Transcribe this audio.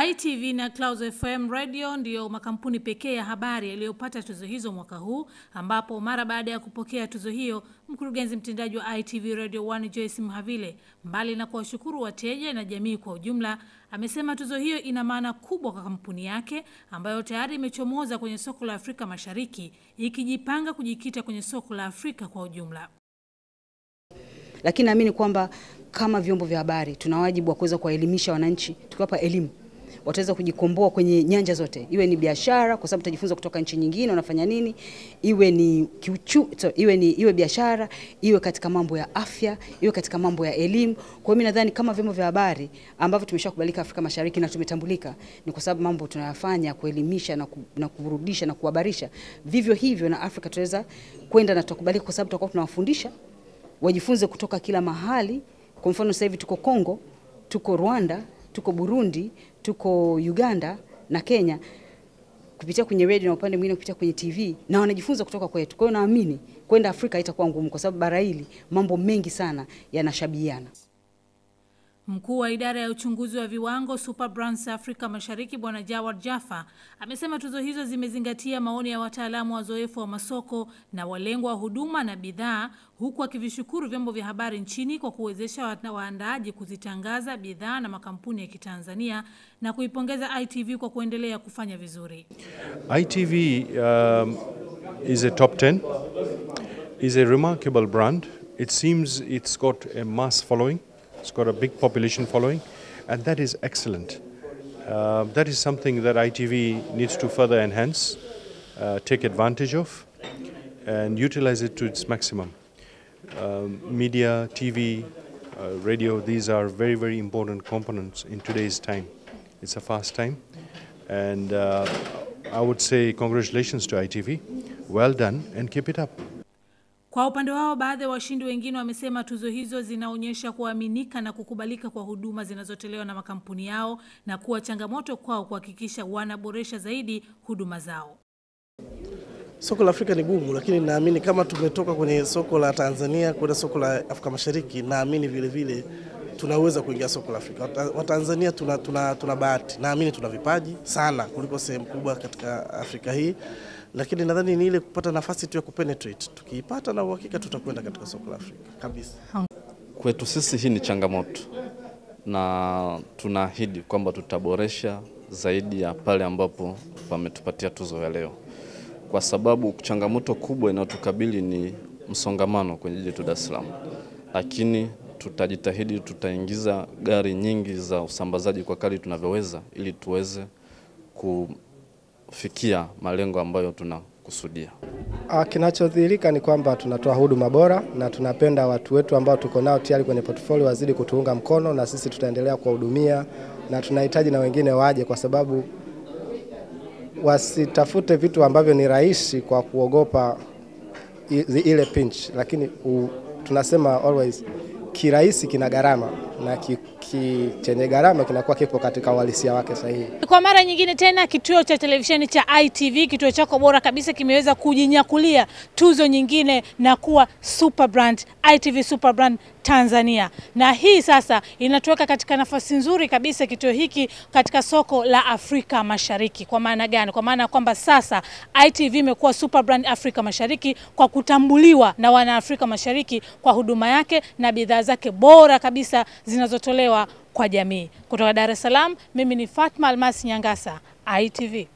ITV na Clouds FM Radio ndiyo makampuni pekee ya habari yaliyopata tuzo hizo mwaka huu, ambapo mara baada ya kupokea tuzo hiyo, mkurugenzi mtendaji wa ITV Radio 1 Joyce Mhavile, mbali na kuwashukuru wateja na jamii kwa ujumla, amesema tuzo hiyo ina maana kubwa kwa kampuni yake ambayo tayari imechomoza kwenye soko la Afrika Mashariki, ikijipanga kujikita kwenye soko la Afrika kwa ujumla. Lakini naamini kwamba kama vyombo vya habari tuna wajibu wa kuweza kuwaelimisha wananchi, tukiwapa elimu wataweza kujikomboa kwenye nyanja zote, iwe ni biashara, kwa sababu utajifunza kutoka nchi nyingine wanafanya nini, iwe ni kiuchu, so, iwe ni iwe biashara, iwe katika mambo ya afya, iwe katika mambo ya elimu. Kwa hiyo mimi nadhani kama vyombo vya habari ambavyo tumeshakubalika Afrika Mashariki na tumetambulika, ni kwa sababu mambo tunayafanya kuelimisha na, ku, na kuburudisha na kuhabarisha. Vivyo hivyo na Afrika tunaweza kwenda na tukubalika, kwa sababu tutakuwa tunawafundisha wajifunze kutoka kila mahali. Kwa mfano sasa hivi tuko Kongo, tuko Rwanda, tuko Burundi, tuko Uganda na Kenya kupitia kwenye redio na upande mwingine kupitia kwenye TV na wanajifunza kutoka kwetu. Kwa hiyo naamini kwenda Afrika itakuwa ngumu kwa sababu bara hili mambo mengi sana yanashabihiana. Mkuu wa idara ya uchunguzi wa viwango Superbrands Afrika Mashariki Bwana Jawad Jaffa amesema tuzo hizo zimezingatia maoni ya wataalamu wazoefu wa masoko na walengwa wa huduma na bidhaa, huku akivishukuru vyombo vya habari nchini kwa kuwezesha waandaaji kuzitangaza bidhaa na makampuni ya Kitanzania na kuipongeza ITV kwa kuendelea kufanya vizuri. ITV um, is a top 10, is a remarkable brand. It seems it's got a mass following. It's got a big population following, and that is excellent. Uh, that is something that ITV needs to further enhance, uh, take advantage of, and utilize it to its maximum. Um, media, TV, uh, radio, these are very, very important components in today's time. It's a fast time. And uh, I would say congratulations to ITV. Well done and keep it up. Kwa upande wao, baadhi ya washindi wengine wamesema tuzo hizo zinaonyesha kuaminika na kukubalika kwa huduma zinazotolewa na makampuni yao na kuwa changamoto kwao kuhakikisha wanaboresha zaidi huduma zao. Soko la Afrika ni gumu, lakini naamini kama tumetoka kwenye soko la Tanzania kwenda soko la Afrika Mashariki, naamini vilevile tunaweza kuingia soko la Afrika. Watanzania tuna, tuna, tuna bahati, naamini tuna vipaji sana kuliko sehemu kubwa katika Afrika hii, lakini nadhani ni ile kupata nafasi tu ya kupenetrate. Tukiipata na uhakika tutakwenda katika soko la Afrika kabisa. Kwetu sisi hii ni changamoto, na tunaahidi kwamba tutaboresha zaidi ya pale ambapo pametupatia tuzo ya leo, kwa sababu changamoto kubwa inayotukabili ni msongamano kwenye jiji la Dar es Salaam, lakini tutajitahidi, tutaingiza gari nyingi za usambazaji kwa kali tunavyoweza, ili tuweze kufikia malengo ambayo tunakusudia. Ah, kinachodhihirika ni kwamba tunatoa huduma bora na tunapenda watu wetu ambao tuko nao tayari kwenye portfolio wazidi kutuunga mkono, na sisi tutaendelea kuwahudumia, na tunahitaji na wengine waje, kwa sababu wasitafute vitu ambavyo ni rahisi kwa kuogopa ile pinch, lakini u, tunasema always kirahisi kina gharama na ki, ki, chenye gharama kinakuwa kipo katika uhalisia wake sahihi. Kwa mara nyingine tena, kituo cha televisheni cha ITV, kituo chako bora kabisa, kimeweza kujinyakulia tuzo nyingine na kuwa super brand ITV super brand Tanzania. Na hii sasa inatuweka katika nafasi nzuri kabisa kituo hiki katika soko la Afrika Mashariki. Kwa maana gani? Kwa maana kwamba sasa ITV imekuwa super brand Afrika Mashariki kwa kutambuliwa na wana Afrika Mashariki kwa huduma yake na bidhaa zake bora kabisa zinazotolewa kwa jamii. Kutoka Dar es Salaam, mimi ni Fatma Almasi Nyangasa, ITV.